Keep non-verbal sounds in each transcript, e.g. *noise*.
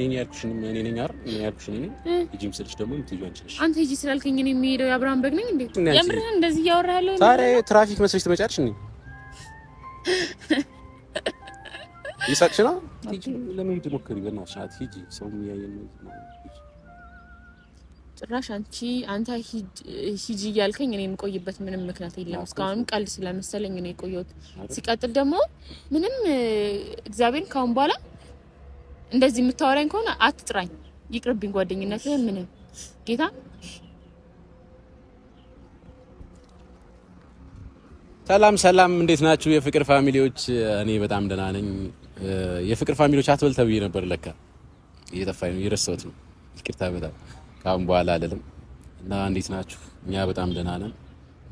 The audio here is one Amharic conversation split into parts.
እኔ ያልኩሽን እኔ ነኝ አይደል? እኔ ያልኩሽን እኔ ሂጂም ስልሽ ደግሞ የምትይው አንቺ ነሽ። አንተ ሂጂ ስላልከኝ እኔ የሚሄደው የአብርሃም በግ ነኝ እንዴ? የምርህን እንደዚህ እያወራህ ያለው? ታዲያ ትራፊክ መስለሽ ትመጫለሽ እንዴ? ይሳቅሽ ነው። ሂጂ ለምን ትሞክሪ? በእናትሽ ናት። ሂጂ ሰው የሚያየን ነው። ጭራሽ አንቺ አንተ ሂጂ እያልከኝ እኔ የምቆይበት ምንም ምክንያት የለም። እስካሁንም ቀልድ ስለመሰለኝ እኔ የቆየሁት። ሲቀጥል ደግሞ ምንም እግዚአብሔርን ካሁን በኋላ እንደዚህ የምታወራኝ ከሆነ አትጥራኝ፣ ይቅርብኝ። ጓደኝነት ምንም ጌታ ሰላም ሰላም፣ እንዴት ናችሁ የፍቅር ፋሚሊዎች? እኔ በጣም ደህና ነኝ። የፍቅር ፋሚሊዎች አትበል ተብዬ ነበር፣ ለካ እየጠፋኝ ነው፣ እየረሳሁት ነው። ይቅርታ በጣም ከአሁን በኋላ አለልም። እና እንዴት ናችሁ? እኛ በጣም ደህና ነን።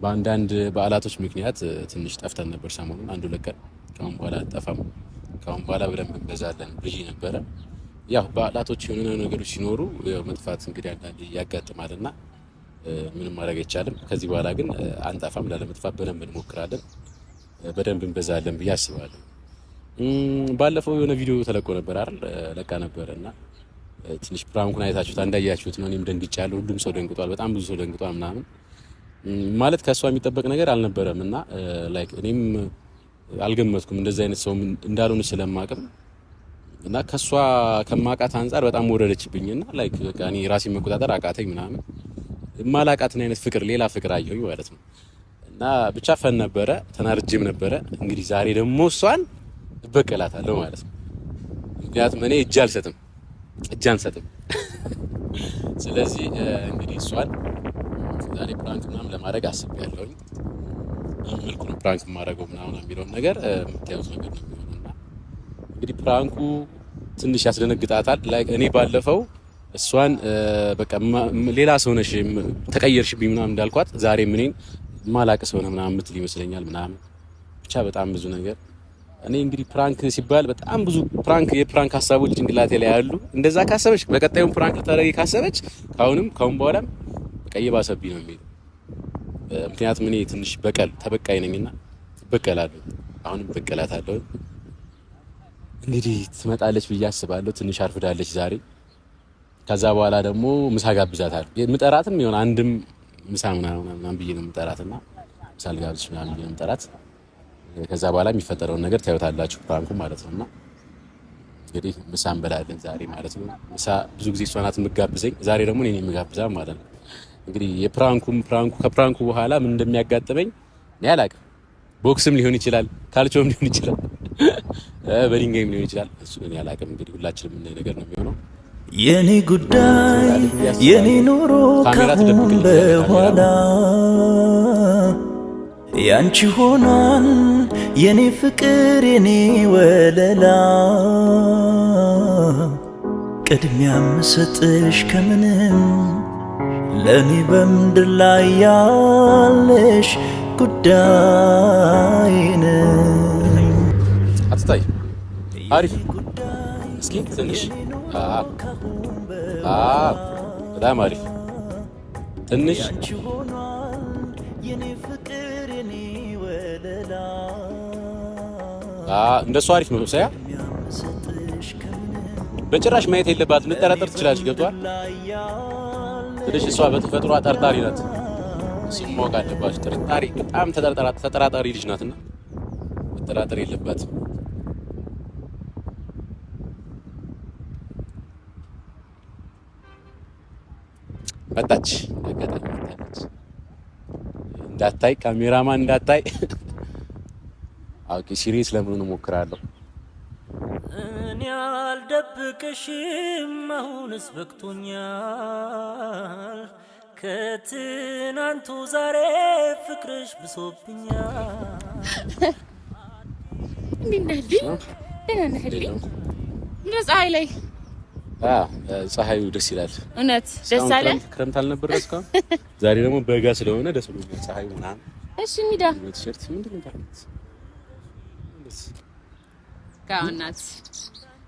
በአንዳንድ በዓላቶች ምክንያት ትንሽ ጠፍተን ነበር ሰሞኑን። አንዱ ለቀን ከአሁን በኋላ አጠፋም ካሁን በኋላ በደንብ እንበዛለን ብዬ ነበረ። ያው በዓላቶች የሆነ ነገሮች ሲኖሩ መጥፋት እንግዲህ አንዳንዴ ያጋጥማል እና ምንም ማድረግ አይቻልም። ከዚህ በኋላ ግን አንጠፋም፣ ላለመጥፋት በደንብ እንሞክራለን፣ በደንብ እንበዛለን ብዬ አስባለሁ። ባለፈው የሆነ ቪዲዮ ተለቆ ነበር አይደል? ለቃ ነበር እና ትንሽ ፕራንኩን አይታችሁት እንዳያችሁት ነው። እኔም ደንግጫለሁ፣ ሁሉም ሰው ደንግጧል፣ በጣም ብዙ ሰው ደንግጧል ምናምን ማለት ከእሷ የሚጠበቅ ነገር አልነበረም እና ላይክ እኔም አልገመትኩም እንደዚህ አይነት ሰው እንዳልሆነ ስለማቅም እና ከሷ ከማቃት አንጻር በጣም ወረደችብኝ እና ላይክ በቃ እኔ ራሴን መቆጣጠር አቃተኝ ምናምን ማላቃትን አይነት ፍቅር ሌላ ፍቅር አየሁኝ ማለት ነው። እና ብቻ ፈን ነበረ፣ ተናድጄም ነበረ። እንግዲህ ዛሬ ደግሞ እሷን እበቀላታለሁ ማለት ነው። ምክንያቱም እኔ እጅ አልሰጥም እጅ አንሰጥም። ስለዚህ እንግዲህ እሷን ዛሬ ፕራንክ ምናምን ለማድረግ አስቤያለሁኝ። በምን መልኩ ነው ፕራንክ የማደርገው ምናምን የሚለውን ነገር የምታዩት ነገር ነው የሚሆነው እና እንግዲህ ፕራንኩ ትንሽ ያስደነግጣታል። ላይክ እኔ ባለፈው እሷን በቃ ሌላ ሰው ነሽ ተቀየርሽብኝ ምናምን እንዳልኳት ዛሬ ምኔን ማላቅ ሰው ነው ምናምን ምትል ይመስለኛል ምናምን ብቻ በጣም ብዙ ነገር እኔ እንግዲህ ፕራንክ ሲባል በጣም ብዙ ፕራንክ የፕራንክ ሀሳቦች ጭንቅላቴ ላይ አሉ። እንደዛ ካሰበች በቀጣዩም ፕራንክ ልታደርጊ ካሰበች ከአሁንም ከአሁን በኋላም ቀይ ባሰቢ ነው የሚል ምክንያቱም እኔ ትንሽ በቀል ተበቃይ ነኝና እበቀላለሁ። አሁንም እበቀላታለሁ። እንግዲህ ትመጣለች ብዬ አስባለሁ። ትንሽ አርፍዳለች ዛሬ። ከዛ በኋላ ደግሞ ምሳ ጋብዛታለሁ። የምጠራትም የሆነ አንድም ምሳ ምናምን ብዬ ነው የምጠራትና ምሳ ልጋብዝሽ ምናምን ብዬ ነው የምጠራት። ከዛ በኋላ የሚፈጠረውን ነገር ታዩታላችሁ፣ ፕራንኩ ማለት ነው። ነውና እንግዲህ ምሳ እንበላለን ዛሬ ማለት ነው። ምሳ ብዙ ጊዜ እሷ ናት የምጋብዘኝ፣ ዛሬ ደግሞ እኔ የምጋብዛ ማለት ነው። እንግዲህ የፕራንኩም ፕራንኩ ከፕራንኩ በኋላ ምን እንደሚያጋጥመኝ እኔ አላቅም። ቦክስም ሊሆን ይችላል፣ ካልቾም ሊሆን ይችላል፣ በድንጋይም ሊሆን ይችላል። እሱ እኔ አላቅም። እንግዲህ ሁላችንም የምናይ ነገር ነው የሚሆነው። የኔ ጉዳይ የኔ ኑሮ ካሁን በኋላ ያንቺ ሆኗን የኔ ፍቅር የኔ ወለላ ቅድሚያ ምሰጥሽ ከምንም ለኔ በምድር ላይ ያለሽ ጉዳይን አትታይ። አሪፍ እስኪ ትንሽ በጣም አሪፍ ትንሽ እንደሱ አሪፍ ነው። ሳያ በጭራሽ ማየት የለባት ልጠራጠር ትችላለች። ገብቷል ትንሽ እሷ በተፈጥሮ ጠርጣሪ ናት። እሱም ማወቅ አለባችሁ። ጥርጣሪ በጣም ተጠራጣሪ ልጅ ናትና መጠራጠር የለባት። መጣች መጣች። እንዳታይ ካሜራማን እንዳታይ። ኦኬ ሲሪየስ ለምን እሞክራለሁ እኔ አልደብቅሽም አሁንስ በቅቶኛል። ከትናንቱ ዛሬ ፍቅርሽ ብሶብኛል። እንዲነህልኝ ፀሐይ ላይ ፀሐዩ ደስ ይላል። እውነት ደስ አለ። ክረምት አልነበረ እስካሁን። ዛሬ ደግሞ በጋ ስለሆነ ደስ ብሎኛል። ፀሐዩ ምናምን። እሺ ነው ጋውናት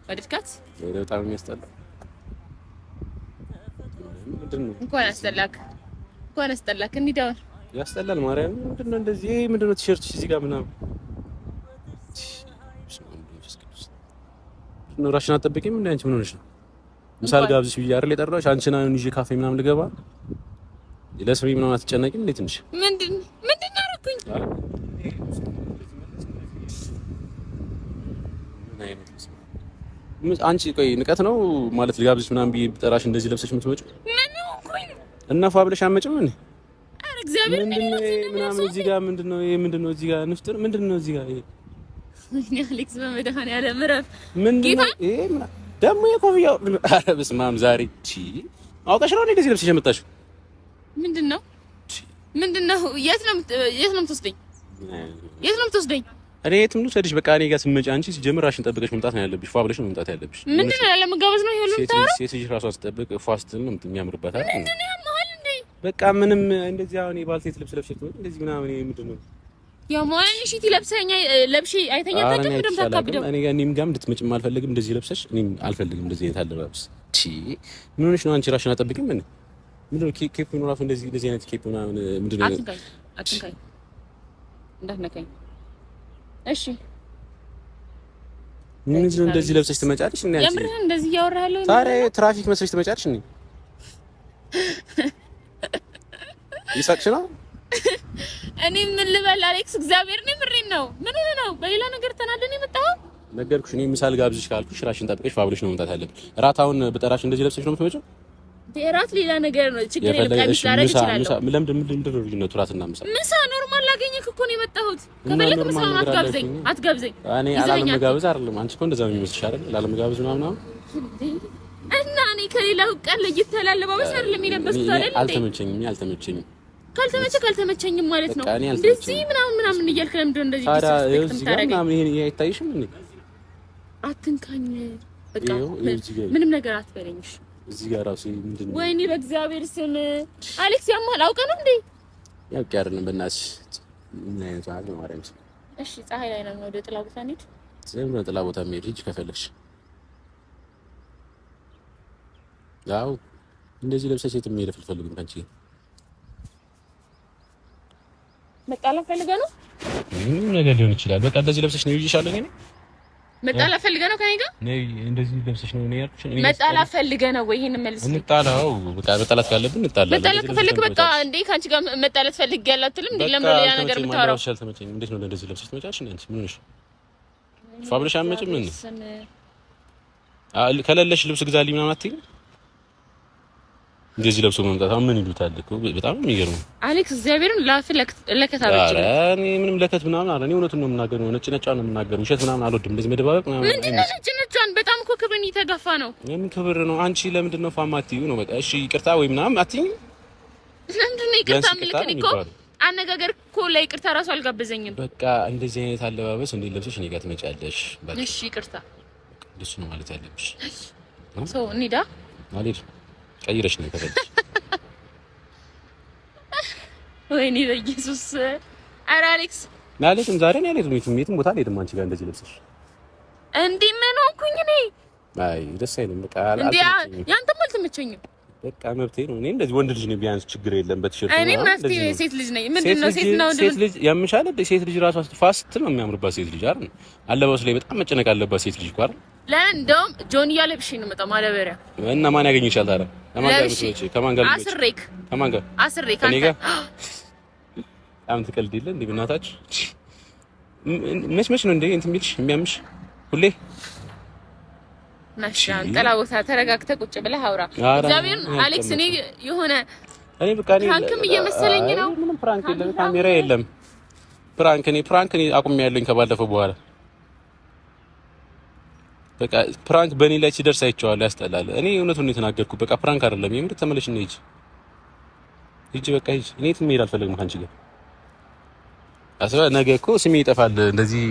በድፍቀት ወደ በጣም የሚያስጠላ እንኳን አስጠላክ፣ እንኳን አስጠላክ። እንዲዳውን ያስጠላል። ማርያም ምንድነው እንደዚህ? ይሄ ምንድነው ቲሸርት እዚህ ጋር ምናምን ነው። እራስሽን አትጠብቂም አንቺ ምን ሆነሽ ነው? ምሳል ጋብዝሽ ብዬሽ አይደል የጠራሁሽ? አንቺን ይዤ ካፌ ምናምን ልገባ ለስሪ ምናምን አትጨነቂም እንዴ? ትንሽ አንቺ ቆይ ንቀት ነው ማለት ልጋብዝሽ ምናምን ብዬሽ ብጠራሽ እንደዚህ ለብሰሽ የምትመጪው እና ፏ ብለሽ አትመጪም። እኔ ምናምን እዚህ ምንድን ነው ደግሞ የኮፍያው? ኧረ በስመ አብ ዛሬ ቺ ነው እንደዚህ የት ነው የት የት ነው የምትወስደኝ? እኔ የትም ልውሰድሽ? በቃ እኔ ጋር ስትመጪ አንቺ ሲጀምር ራስሽን ጠብቀሽ መምጣት ነው ያለብሽ። ፏ ብለሽ ነው መምጣት ያለብሽ። ምንድን ነው ያለመጋበዝ ነው ይሄ? ሴት ልጅ ራሷ ስትጠብቅ ፏ ስትል ነው የሚያምርባት። በቃ ምንም እንደዚህ አሁን የባልቴት ልብስ ለብሼ ትወጪ እንደዚህ ምናምን ምንድን ነው ያማን እሺ፣ ትለብሰኛ ለብሼ አይተኛ ጋም እንደዚህ ለብሰሽ አልፈልግም። እንደዚህ ቺ ነው አንቺ? ምን እንደዚህ እንደዚህ አይነት ምንድን ነው? እሺ ምን ነው እንደዚህ ለብሰሽ ትመጫለሽ? እንዴ ያቺ የምር እንደዚህ እያወራለሁ ታዲያ ትራፊክ መስለሽ ትመጫለሽ? እንዴ ይሳቅሽ ነው። እኔ ምን ልበል አሌክስ፣ እግዚአብሔር ነው ምሪን ነው። ምን ሆነ ነው በሌላ ነገር ተናደን የመጣው ነገርኩሽ። እኔ ምሳል ጋብዝሽ ካልኩሽ ራሽን ጠብቀሽ ፋብሎሽ ነው መምጣት ያለብሽ። ራታውን በጠራሽ እንደዚህ ለብሰሽ ነው የምትመጪው እራት ሌላ ነገር ነው። ችግር የለም። ቀሚስ ላደርግ እችላለሁ። ለምንድን ምንድን ነው ልዩነቱ? እራትና ምሳ ምሳ ኖርማል ላገኘህ እኮ ነው የመጣሁት። ከፈለክ ምሳ አትጋብዘኝ፣ አትጋብዘኝ። እኔ አላለመጋበዝ አይደለም። አንቺ እኮ እንደዚያ ነው የሚመስልሽ አይደል? አላለመጋበዝ ምናምን እና እኔ ከሌላው ቀን ለየት ያለ አለባበስ አይደለም የለበስኩት አይደል? አልተመቸኝም፣ አልተመቸኝም ካልተመቸ ካልተመቸኝም ማለት ነው። እንደዚህ ምናምን ምናምን እያልክ ለምንድን ነው እንደዚህ አይታይሽም? አትንካኝ፣ በቃ ምንም ነገር አትበለኝሽ። እዚህ ጋር ራሱ ምንድን ነው? ወይኔ በእግዚአብሔር ስም አሌክስ ያማል። አውቀህ ነው እንዴ? ያው ቀርን በእናትሽ ምን አይነት ፀሐይ ነው? ማርያም ስም። እሺ ፀሐይ ላይ ነው ወደ ጥላ ቦታ እንሂድ። ዝም ብለህ ጥላ ቦታ የምሄድ ልጅ ከፈለግሽ ያው እንደዚህ ለብሰሽ የት የምሄድ አልፈልግም። ከአንቺ መጣላት ፈልገህ ነው? ምንም ነገር ሊሆን ይችላል። በቃ እንደዚህ ለብሰሽ ነው ይዤሻለሁ እኔ መጣላ ፈልገ ነው ከኔ ጋር? ነይ እንደዚህ ለብሰሽ ነው እኔ ያልኩሽ። መጣላት ፈልገህ ነው ወይ? ይሄን መልስ እንጣላው። በቃ መጣላት ካለብን እንጣላለን። መጣላት ከፈልክ በቃ እንዴ ካንቺ ጋር መጣላት ፈልግ ያላትልም እንዴ? ለምን ሌላ ነገር የምታወራው? አልተመቸኝም። እንዴት ነው እንደዚህ ለብሰሽ ትመጫለሽ? እንዴ አንቺ ምን ሆነሽ? ፋብሪሽ አትመጭም? ምን ከሌለሽ ልብስ ግዛልኝ ምናምን አትይም? እንደዚህ ለብሶ መምጣት ምን ይሉታል እኮ በጣም የሚገርም አሌክስ፣ እግዚአብሔርን ላፍ ለከት አበጀለት። እኔ ምንም ለከት ምናምን አረ እኔ እውነቱን ነው የምናገረው፣ ነጭ ነጫ ነው የምናገረው። ውሸት ምናምን አልወድም። እንደዚህ መደባበቅ ምናምን ምንድን ነው ነጭ ነጫን። በጣም እኮ ክብርን እየተጋፋ ነው። ምን ክብር ነው? አንቺ ለምንድን ነው ፋማቲዩ ነው? በቃ እሺ፣ ይቅርታ ወይ ምናምን አትይኝ። ለምንድን ነው ይቅርታ ምልክን እኮ አነጋገር እኮ ለይቅርታ ራሱ አልጋበዘኝም። በቃ እንደዚህ አይነት አለባበስ እንዴት ለብሰሽ እኔ ጋር ትመጫለሽ? እሺ፣ ይቅርታ እንደሱ ነው ማለት ያለብሽ። ሰው እንሂዳ አልሄድም ቀይረሽ ነው የከፈለሽ። ወይኔ በኢየሱስ! ኧረ አሌክስ ማለትም ዛሬ ነው ያልሄድም፣ የትም ቦታ አልሄድም አንቺ ጋር እንደዚህ ልብስሽ። እንዴ ምን ሆንኩኝ እኔ? አይ ደስ አይልም። በቃ ያንተም አልተመቸኝም። በቃ መብቴ ነው። እኔ እንደዚህ ወንድ ልጅ ነኝ፣ ቢያንስ ችግር የለም። በቲሸርት እኔ መፍትሄ ሴት ልጅ ነኝ። ምንድን ነው ሴት ነው ሴት ልጅ ያምሻል። ሴት ልጅ ራሷ ፋስት ነው የሚያምርባት ሴት ልጅ አይደል? አለባበስ ላይ በጣም መጨነቅ አለባት ሴት ልጅ እኮ አይደል? ለምን እንደውም ጆን ነው መጣ ማዳበሪያ እና ማን ያገኝሻል ታረ ከማን ጋር ልጆች ከማን ጋር አስሬክ ከማን ጋር አስሬክ አንተ በጣም *gasps* ትቀልድ የለ እንዴ? ብናታች መች መች ነው እንዴ እንትን የሚልሽ የሚያምሽ ሁሌ ማሻን ቦታ ተረጋግተህ ቁጭ ብለህ አውራ። እግዚአብሔርን አሌክስ፣ እኔ የሆነ እኔ በቃ እኔ እየመሰለኝ ነው። ምንም ፕራንክ የለም፣ ካሜራ የለም። እኔ እኔ አቁሜያለሁኝ ከባለፈው በኋላ በቃ ፕራንክ በእኔ ላይ ሲደርስ አይቼዋለሁ። ያስጠላል። እኔ እውነቱን ነው የተናገርኩት። በቃ ፕራንክ አይደለም የምልህ። ተመለሽ ነው ሂጂ ሂጂ፣ በቃ ሂጂ። እኔ የትም መሄድ አልፈለግም ከአንቺ ጋር አስባ። ነገ እኮ ስሜ ይጠፋል። እንደዚህ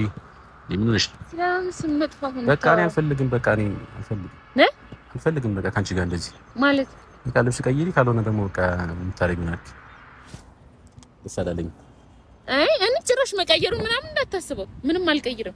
የምንሽ በቃ እኔ አልፈልግም። በቃ እኔ አልፈልግም እ አልፈልግም በቃ ከአንቺ ጋር እንደዚህ ማለት በቃ ልብስ ቀይሪ፣ ካልሆነ ደግሞ በቃ የምታደርጊው ናችሁ ደስ አይ እኔ ጭራሽ መቀየሩ ምናምን እንዳታስበው፣ ምንም አልቀይርም።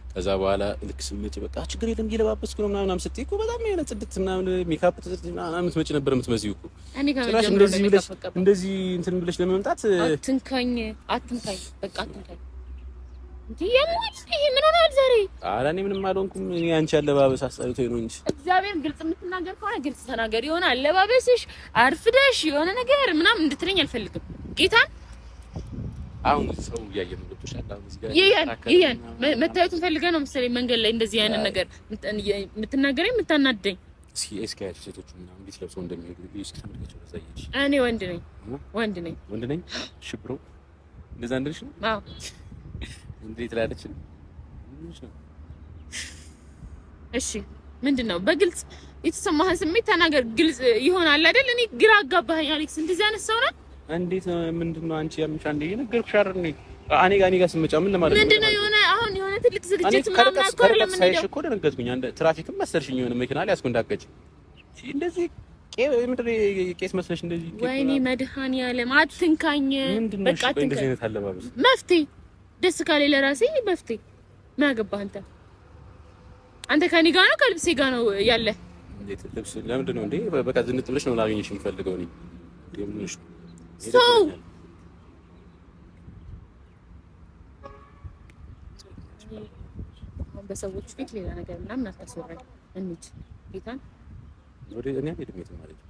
ከዛ በኋላ ልክ ስመጭ በቃ ችግር የለም እየለባበስኩ ነው ምናምን ምናምን ስትይ እኮ በጣም የሆነ ጽድት ምናምን ሜካፕ ጽድት ምናምን የምትመጪ ነበር የምትመስዪው እኮ። ጭራሽ እንደዚህ ብለሽ እንደዚህ እንትን ብለሽ ለመምጣት አትንካኝ፣ አትንካኝ፣ በቃ አትንካኝ። ምን ሆነሃል ዛሬ? ኧረ እኔ ምንም አልሆንኩም። አንቺ አለባበስ አስጠልቶኝ ነው እንጂ እግዚአብሔር ግልጽ የምትናገር ከሆነ ግልጽ ተናገር። የሆነ አለባበስሽ አርፍደሽ የሆነ ነገር ምናምን እንድትለኝ አልፈልግም ጌታን ይያን መታየቱን ፈልገ ነው መሰለኝ መንገድ ላይ እንደዚህ አይነት ነገር የምትናገረኝ የምታናደኝ። እስኪ እስኪ ምናምን ቤት ለብሰው እንደሚሄዱ እስኪ ተመልከቸው። እኔ ወንድ ነኝ ወንድ ነኝ ወንድ ነኝ ሽብሮ እንደዛ እንደልሽ ነው። አዎ ትላለች። እሺ ምንድን ነው በግልጽ የተሰማህን ስሜት ተናገር። ግልጽ ይሆናል አይደል? እኔ ግራ አጋባኸኝ አሌክስ። እንደዚህ አይነት ሰው ነው እንዴት ምንድን ነው አንቺ ያምሻ እንደ የነገርኩሽ አይደል? እኔ ጋር እኔ ጋር ስትመጪ ምን ለማለት ነው? ምንድን ነው የሆነ አሁን የሆነ ትልቅ ዝግጅት ምናምን እኮ ለምን ሳይሽ እኮ ደነገጥኩኝ። አንድ ትራፊክም መሰልሽኝ የሆነ መኪና ላይ አስኩን እንዳትገጭ እንደዚህ ቄስ መስለሽ እንደዚህ ወይኔ መድኃኒዓለም አትንካኝ። በቃ አትንካኝ። እንደዚህ አይነት አለባበስ መፍትሄ ደስ ካለ ለራሴ መፍትሄ ምን አገባህ አንተ አንተ ከኔ ጋር ነው ከልብሴ ጋር ነው ያለ። እንዴት ልብስ ለምንድን ነው እንዴ? በቃ ዝንጥ ብለሽ ነው ላገኘሽ የምፈልገው እኔ ሰው በሰዎች ፊት ሌላ ነገር ምናምን አታስወራኝ። እንሂድ ጌታን ወደ እኔ አልሄድም የትም ማለት ነው።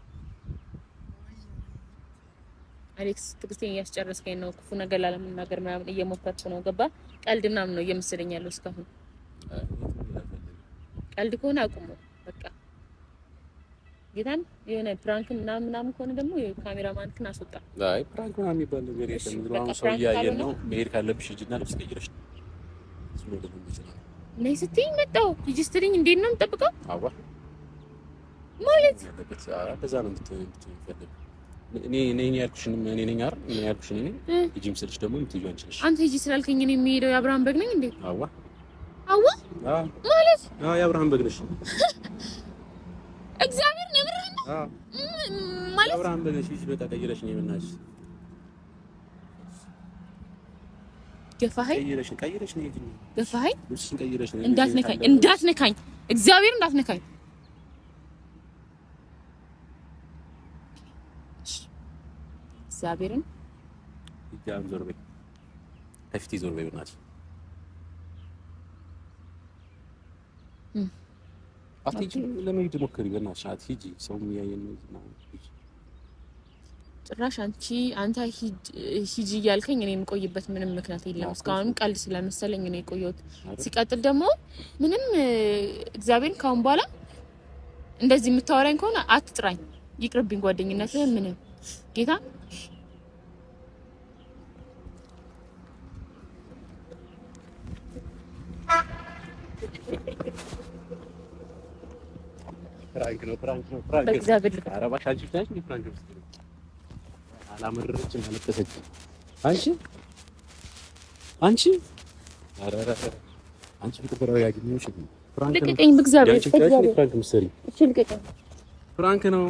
አሌክስ ትዕግስቴን እያስጨረስከኝ ነው። ክፉ ነገር ላለመናገር ምናምን እየሞከርኩ ነው። ገባ ቀልድ ምናምን ነው እየመሰለኝ ያለው እስካሁን። ቀልድ ከሆነ አቁሙ በቃ። ጌታን የሆነ ፕራንክ ምናምን ምናምን ከሆነ ደግሞ የካሜራ ክን አስወጣ። አይ ፕራንክ ምናምን የሚባል ነገር የለም። አሁን ሰው እያየን ነው። መሄድ ካለብሽ ሂጂና ልብስ ቀይረሽ ነይ ስትይኝ መጣሁ። ሂጂ ስትይኝ እንዴት ነው የምጠብቀው? አዋ ማለት እንደዛ ነው የምትፈልግ እኔ ነኝ ያልኩሽን እኔ ነኝ አይደል? እኔ ያልኩሽን እኔ ሂጂም ስልሽ ደግሞ የምትይው አንቺ ነሽ። አንተ ሂጂ ስላልከኝ እኔ የሚሄደው የአብርሃም በግ ነኝ እንዴ? አዋ አዋ ማለት አዎ፣ የአብርሃም በግ ነሽ *laughs* እግዚአብሔር ማለት አብርሃም ብለሽ ልጅ በቃ ቀይረሽ ነው የምናሽ እንዳትነካኝ እግዚአብሔር እንዳትነካኝ። እግዚአብሔርን ዞር በይ፣ ከፊቴ ዞር በይ በእናትሽ አትሄጂ ለመሄድ ሞክሪ፣ በእናትሽ አትሄጂ። ሰው የሚያየን ነው። ጭራሽ አንቺ አንተ ሂጂ እያልከኝ እኔ የምቆይበት ምንም ምክንያት የለም። እስካሁንም ቀልድ ስለመሰለኝ የቆየሁት። ሲቀጥል ደግሞ ምንም እግዚአብሔርን ካሁን በኋላ እንደዚህ የምታወራኝ ከሆነ አትጥራኝ፣ ይቅርብኝ ጓደኝነት ምንም ጌታ ፍራንክ ነው ፍራንክ ነው ፍራንክ ነው። በእግዚአብሔር ኧረ አንቺ ብቻ ነሽ ፍራንክ ነው። አላመረረችም፣ አለቀሰችም። አንቺ አንቺ ኧረ ኧረ አንቺ ብትበራ ያገኘሽ ፍራንክ ነው። ፍራንክ ነው። እሺ፣ ልቀቀኝ ፍራንክ ነው።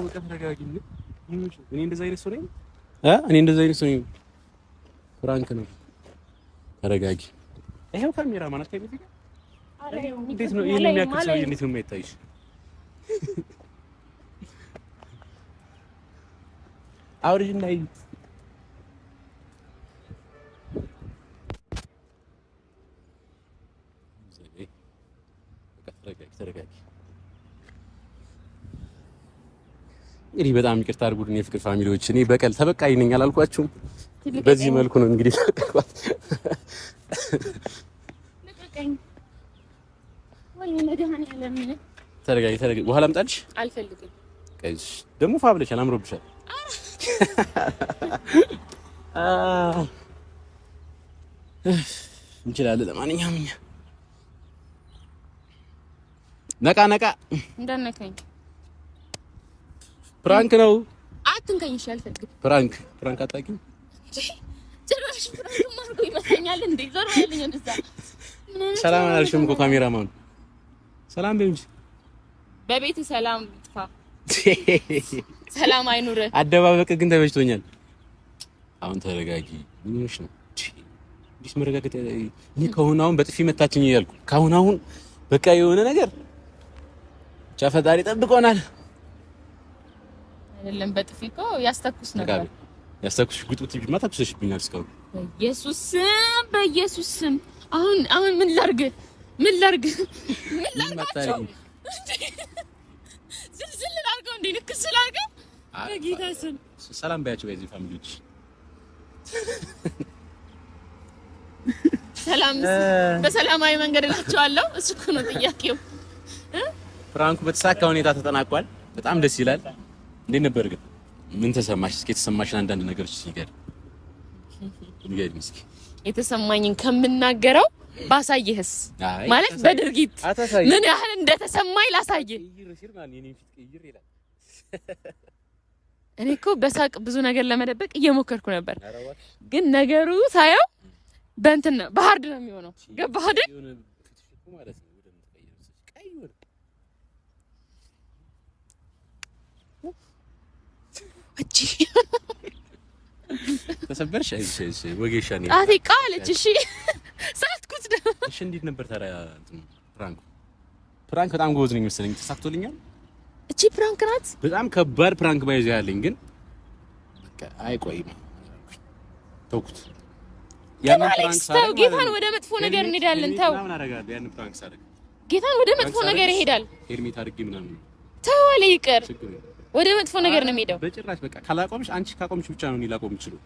እኔ እንደዛ አይነት ሰው ነኝ እ እኔ እንደዛ አይነት ሰው ነኝ። ፍራንክ ነው። ተረጋጊ። ይሄው ካሜራ ማናት ከቤት ጋር እንዴት ነው ይሄን የሚያክል ሰው እንዴት ነው የማይታይሽ? *laughs* አውርጅና ይሄ እንግዲህ በጣም ይቅርታ አድርጉልኝ የፍቅር ፋሚሊዎች፣ እኔ በቀል ተበቃይ ነኝ አላልኳችሁም። በዚህ መልኩ ነው እንግዲህ ልቀቀኝ ተረጋጊ፣ ተረጋጊ። ውሃ ላምጣልሽ? አልፈልግም። ቀይሽ ደግሞ ፋብለሻል፣ አምሮብሻል። እንችላለን። ለማንኛውም እኛ ነቃ ነቃ እንዳነካኝ። ፕራንክ ነው፣ አትንከኝ። እሺ፣ አልፈልግም። ፕራንክ ፕራንክ አታውቂም? ጭራሽ ፕራንክ ማርኩ ይመስለኛል። እንዴ ዞር እንደዛ ሰላም አላልሽም እኮ ካሜራማን ሰላም በይ እንጂ በቤት ሰላም ጥፋ፣ *laughs* ሰላም አይኑር። አደባበቅ ግን ተመችቶኛል። አሁን ተረጋጊ። ምንሽ ነው እንዴት መረጋጋት? እኔ ከአሁን አሁን በጥፊ መታችኝ እያልኩ ከአሁን አሁን በቃ የሆነ ነገር ብቻ ፈጣሪ ጠብቆናል። አይደለም በጥፊ እኮ ያስተኩስ ነበር። ያስተኩስ ጉጡ ቲቪ ተኩሰሽብኛል እስካሁን። በኢየሱስ ስም በኢየሱስ ስም አሁን አሁን ምን ላርግ? ምን ላርግ? ምን ላርጋቸው ዝልዝል ላድርገው እንዴ? ንክስ ላድርገው? በጌታ ስም ሰላም በያቸው። በዚህ ፋሚሊዎች ሰላም በሰላማዊ መንገድ እላቸዋለሁ። እሱ እኮ ነው ጥያቄው። ፍራንኩ በተሳካ ሁኔታ ተጠናቋል። በጣም ደስ ይላል። እንዴት ነበር ግን? ምን ተሰማሽ? እስኪ የተሰማሽን አንዳንድ ነገሮች ሲገር ንገሪኝ እስኪ የተሰማኝን ከምናገረው ባሳየህስ ማለት በድርጊት ምን ያህል እንደተሰማኝ ላሳየህ። እኔ እኮ በሳቅ ብዙ ነገር ለመደበቅ እየሞከርኩ ነበር፣ ግን ነገሩ ሳየው በእንትን ነው በሀርድ ነው የሚሆነው። ገባህ አይደል? ተሰበርሽ? እሺ እሺ፣ ወጌሻ ነው አቴ ቃለች። እሺ ሳትኩት ደ እሺ። እንዴት ነበር ታዲያ ፕራንክ? ፕራንክ በጣም ጎበዝ ነኝ መሰለኝ፣ ተሳክቶልኛል። እቺ ፕራንክ ናት፣ በጣም ከባድ ፕራንክ ባይዘ ያለኝ ግን አይቆይም፣ ተውኩት። ያን ፕራንክ ሳደርግ ጌታን ወደ መጥፎ ነገር እንሄዳለን። ተው ምን አደርጋለሁ። ያን ፕራንክ ሳደርግ ጌታን ወደ መጥፎ ነገር ይሄዳል። ሄርሜት አድርጌ ምናምን ተው አለ ይቅር ወደ መጥፎ ነገር ነው የሚሄደው። በጭራሽ በቃ ካላቆምሽ፣ አንቺ ካቆምሽ ብቻ ነው ሊላቆም ላቆም ይችላል።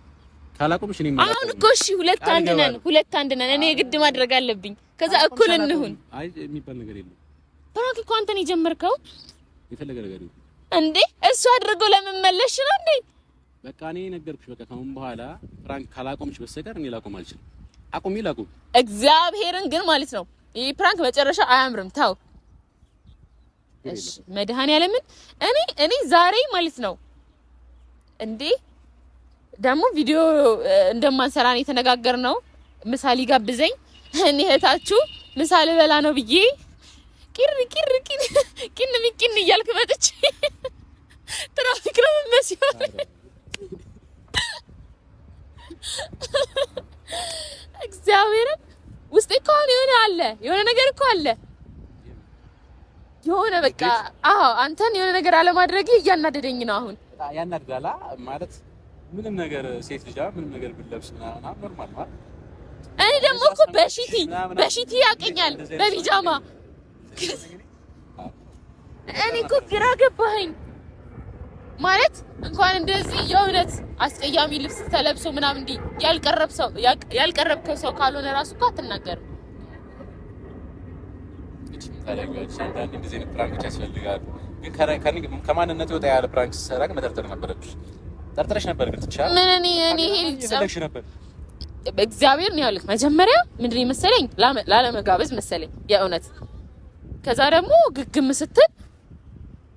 ካላቆምሽ እኔ ማለት አሁን እኮ እሺ፣ ሁለት አንድ ነን፣ ሁለት አንድ ነን። እኔ ግድ ማድረግ አለብኝ። ከዛ እኩል እንሁን። አይ የሚባል ነገር የለም። ብራክ እኮ አንተን የጀመርከው የፈለገ ነገር ነው እንዴ? እሱ አድርጎ ለመመለሽ ነው እንዴ? በቃ እኔ ነገርኩሽ። በቃ ከአሁን በኋላ ፕራንክ ካላቆምሽ በስተቀር እኔ ላቆም አልችልም። አቁሚ ላቁም። እግዚአብሔርን ግን ማለት ነው ይህ ፕራንክ መጨረሻ አያምርም። ታው መድኃኒዓለምን እኔ እኔ ዛሬ ማለት ነው እንዴ ደግሞ ቪዲዮ እንደማንሰራን የተነጋገር ነው ምሳሌ ይጋብዘኝ እኔ እህታችሁ ምሳሌ በላ ነው ብዬ ቂር ቂር ቂር ቂን ሚቂን እያልክ መጥቼ ትራፊክ ነው መስይሆን እግዚአብሔርን ውስጤ እኮ አሁን የሆነ አለ የሆነ ነገር እኮ አለ የሆነ በቃ አዎ፣ አንተን የሆነ ነገር አለማድረግ እያናደደኝ ነው። አሁን ያናድዳላ ማለት ምንም ነገር ሴት ልጅ ምንም ነገር ብለብስ ምናምን ኖርማል ማለት እኔ ደግሞ እኮ በሺቲ በሺቲ ያቀኛል በቢጃማ እኔ እኮ ግራ ገባኸኝ። ማለት እንኳን እንደዚህ የእውነት አስቀያሚ ልብስ ተለብሶ ምናምን እንዲህ ያልቀረብከው ሰው ካልሆነ ራሱ እኮ አትናገርም። ፕራንኮችን ታደርጊዋለሽ። አንዳንድ እንደዚህ አይነት ፕራንኮች ያስፈልጋሉ። ግን ከማንነት ወጣ ያለ ፕራንክ ስትሰራ ግን መጠርጠር ነበረብሽ። ጠርጥረሽ ነበር ግን ትችያለሽ። ምን እኔ ነበር እግዚአብሔር ነው ያልክ። መጀመሪያ ምንድን ነው መሰለኝ ላለመጋበዝ መሰለኝ የእውነት ከዛ ደግሞ ግግም ስትል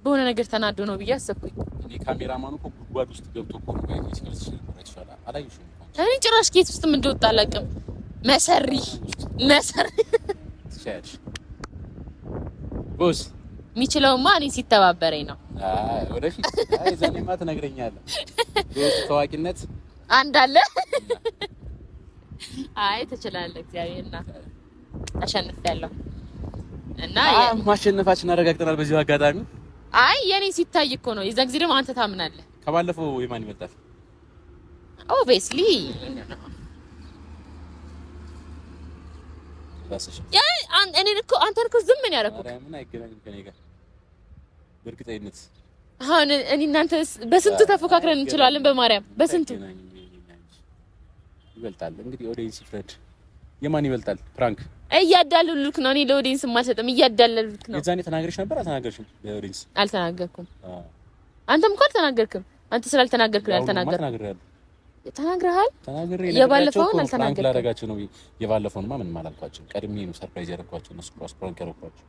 በሆነ ነገር ተናዶ ነው ብዬ አሰብኩኝ። እኔ ካሜራማኑ እኮ ጉድጓድ ውስጥ ገብቶ እኮ እኔ ጭራሽ ጌት ውስጥም እንደወጣ አላውቅም። መሰሪ መሰሪ ቦስ የሚችለውማ እኔ ሲተባበረኝ ነው። ወደፊት ዛሬማ ትነግረኛለህ። ታዋቂነት አለ። አይ ትችላለህ። እግዚአብሔርና አሸንፊያለሁ እና ማሸነፋችን አረጋግጠናል። በዚሁ አጋጣሚ አይ የኔ ሲታይ እኮ ነው። የዛ ጊዜ ደግሞ አንተ ታምናለህ። ከባለፈው የማን ይበልጣል? ኦብቪስሊ እኔ እኮ አንተን እኮ ዝም ምን ያደረኩት በእርግጠኝነት። አሁን እኔ እናንተ በስንቱ ተፎካክረን እንችላለን። በማርያም በስንቱ ይበልጣል። እንግዲህ ኦዲየንስ ፍረድ። የማን ይበልጣል? ፕራንክ እያዳለሉልክ ነው። እኔ ለኦዲየንስ አልሰጥም እያዳለሉልክ ነው። የዛኔ ተናገርሽ ነበር አልተናገርሽም? ለኦዲየንስ አልተናገርኩም። አንተም እኮ አልተናገርክም። አንተ ስላልተናገርክ ነው ተናግረሃል። የባለፈውን አልተናገርኩም። ላደርጋቸው ነው። የባለፈውንማ ምንም አላልኳቸው። ቀድሜ ነው ሰርፕራይዝ ያደረኳቸው። እነሱ ራስ ፕራንክ ያደረኳቸው።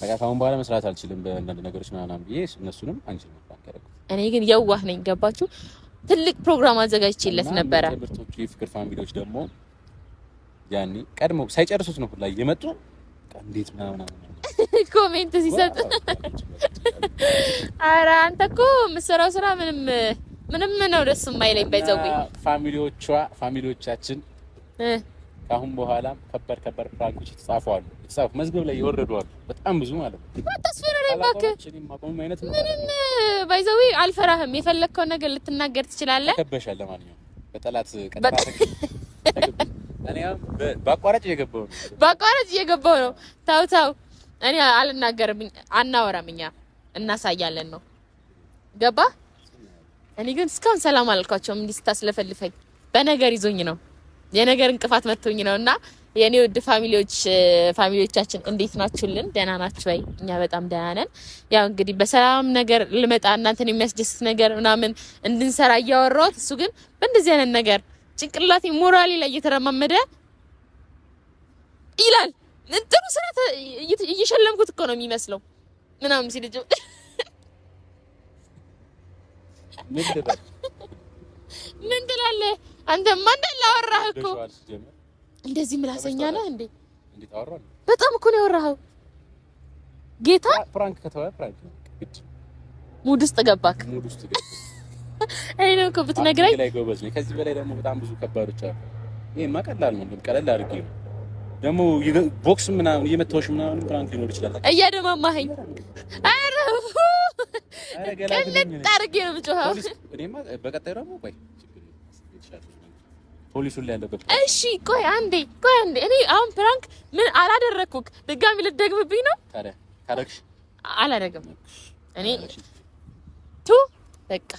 በቃ ከአሁን በኋላ መስራት አልችልም በአንዳንድ ነገሮች ምናምን ብዬ እነሱንም አንችል ነው ፕራንክ ያደረኩት። እኔ ግን የዋህ ነኝ። ገባችሁ? ትልቅ ፕሮግራም አዘጋጅቼለት ነበረ። ምርቶቹ የፍቅር ፋሚሊዎች ደግሞ ያኔ ቀድሞ ሳይጨርሱት ነው ሁላ እየመጡ እንዴት ምናምን *laughs* ኮሜንት ሲሰጥ፣ ኧረ አንተ እኮ የምትሰራው ስራ ምንም ምንም ነው ደስ የማይለኝ በዛው ፋሚሊዎቿ ፋሚሊዎቻችን ከአሁን በኋላ ከባድ ከባድ ፍራንኮች የተጻፉ አሉ፣ የተጻፉ መዝገብ ላይ የወረዱ አሉ። በጣም ብዙ ማለት ነው። ተስፈራ ላይ እባክህ ምንም ባይዘዊ አልፈራህም። የፈለግከው ነገር ልትናገር ትችላለህ። ተከበሻል። ለማንኛውም በጠላት ቀጥታ በአቋራጭ እየገባሁ ነው፣ በአቋራጭ እየገባሁ ነው። ታው ታው እኔ አልናገርም። አናወራም እኛ እናሳያለን ነው ገባ እኔ ግን እስካሁን ሰላም አላልኳቸውም። እንዲህ ስታስለፈልፈኝ በነገር ይዞኝ ነው የነገር እንቅፋት መጥቶኝ ነው እና የኔ ውድ ፋሚሊዎች ፋሚሊዎቻችን እንዴት ናችሁልን? ደህና ናችሁ ወይ? እኛ በጣም ደህና ነን። ያው እንግዲህ በሰላም ነገር ልመጣ እናንተን የሚያስደስት ነገር ምናምን እንድንሰራ እያወራሁት እሱ ግን በእንደዚህ አይነት ነገር ጭንቅላቴ ሞራሌ ላይ እየተረማመደ ይላል። ጥሩ ስራ እየሸለምኩት እኮ ነው የሚመስለው ምናምን ሲል ምን ትላለህ አንተማ? እንዳለ አወራህ እኮ እንደዚህ ምላሰኛ ነህ እንዴ? በጣም እኮ ነው ያወራኸው። ጌታ ሙድ ውስጥ ገባክ። ሙድ ውስጥ ገባክ። አይ *laughs* ነው እኮ ብትነግረኝ። ከዚህ በላይ ደግሞ በጣም ብዙ ከባዶች አሉ። ይሄማ ቀላል ነው፣ ቀለል አድርጌ ነው ደግሞ ቦክስ ምናምን እየመታሁሽ ምናምን ፕራንክ ሊኖር ይችላል። እያደማማኸኝ አረ ቀለጥ አድርጌ ነው የምጮኸው። እኔማ በቀጣይ ደግሞ ቆይ ፖሊሱ ላይ ያለበት እሺ፣ ቆይ አንዴ ቆይ አንዴ። እኔ አሁን ፕራንክ ምን አላደረግኩክ። ድጋሚ ልደግምብኝ ነው? ታዲያ ካደረግሽ አላደረግም። እኔ ቱ በቃ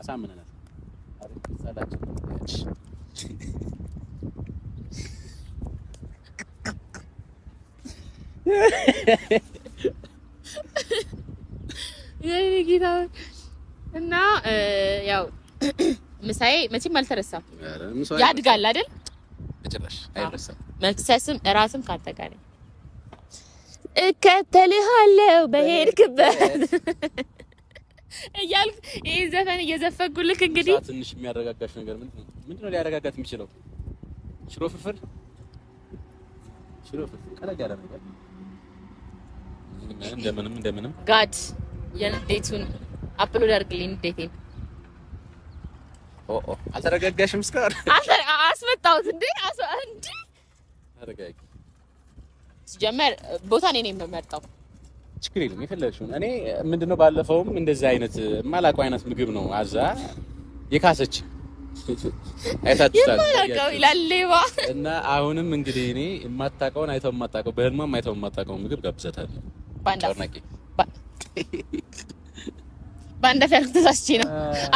አሳምነናል። የኔ ጌታ እና ያው ምሳዬ መቼም አልተረሳም። ያድጋል አይደል? ጭራሽ አይረሳም። መክሰስም እራትም ካንተ ጋር ነኝ። እከተልሃለሁ በሄድክበት እያልኩ ይህ ዘፈን እየዘፈንኩልክ እንግዲህ ትንሽ የሚያረጋጋሽ ነገር ምንድን ነው? ሊያረጋጋት የሚችለው ሽሮ ፍርፍር፣ ሽሮ ፍርፍር ቀለል ያለ ነገር እንደምንም እንደምንም ጋድ የንዴቱን አፕሎድ አድርግልኝ። ንዴቴን አልተረጋጋሽም? እስካሁን *laughs* አስመጣሁት እንዴ? እንዲ ሲጀመር ቦታ እኔ የምመርጠው። ችግር የለም የፈለግሽውን። እኔ ምንድነው ባለፈውም እንደዚህ አይነት የማላውቀው አይነት ምግብ ነው አዛ የካሰች አይታችሁታል እና አሁንም እንግዲህ እኔ የማታውቀውን አይተው የማታውቀው በህልሟ የማይተው የማታውቀውን ምግብ ጋብዘታለሁ። ባንዳፍ ያልኩት ተሳስቼ ነው።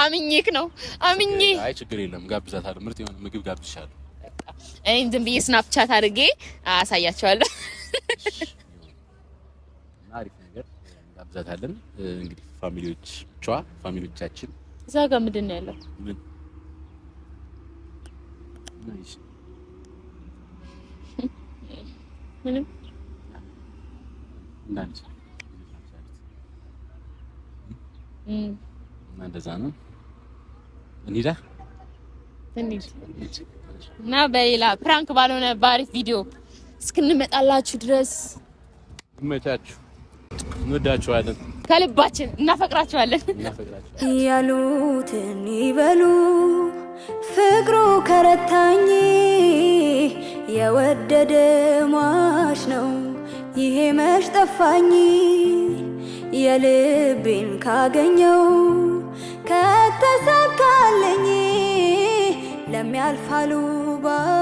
አምኜክ ነው አምኜ። አይ ችግር የለም ጋብዛታለሁ። ምርጥ የሆነ ምግብ ጋብዝሻለሁ። ዝም ብዬ ስናፕቻት አድርጌ አሳያቸዋለሁ። አሪፍ ነገር እንግዲህ ፋሚሊዎች ቿ ፋሚሊዎቻችን እዛ ጋር ምንድን ነው ያለው? ምን ምንም እና እንደዛ ነው። እንሂዳ እና በሌላ ፕራንክ ባልሆነ በአሪፍ ቪዲዮ እስክንመጣላችሁ ድረስ ይመቻችሁ። እንወዳችኋለን፣ ከልባችን እናፈቅራችኋለን። ያሉትን ይበሉ ፍቅሩ ከረታኝ የወደደ ሟች ነው። ይሄ መች ጠፋኝ የልቤን ካገኘው ከተሳካለኝ ለሚያልፋሉ ባ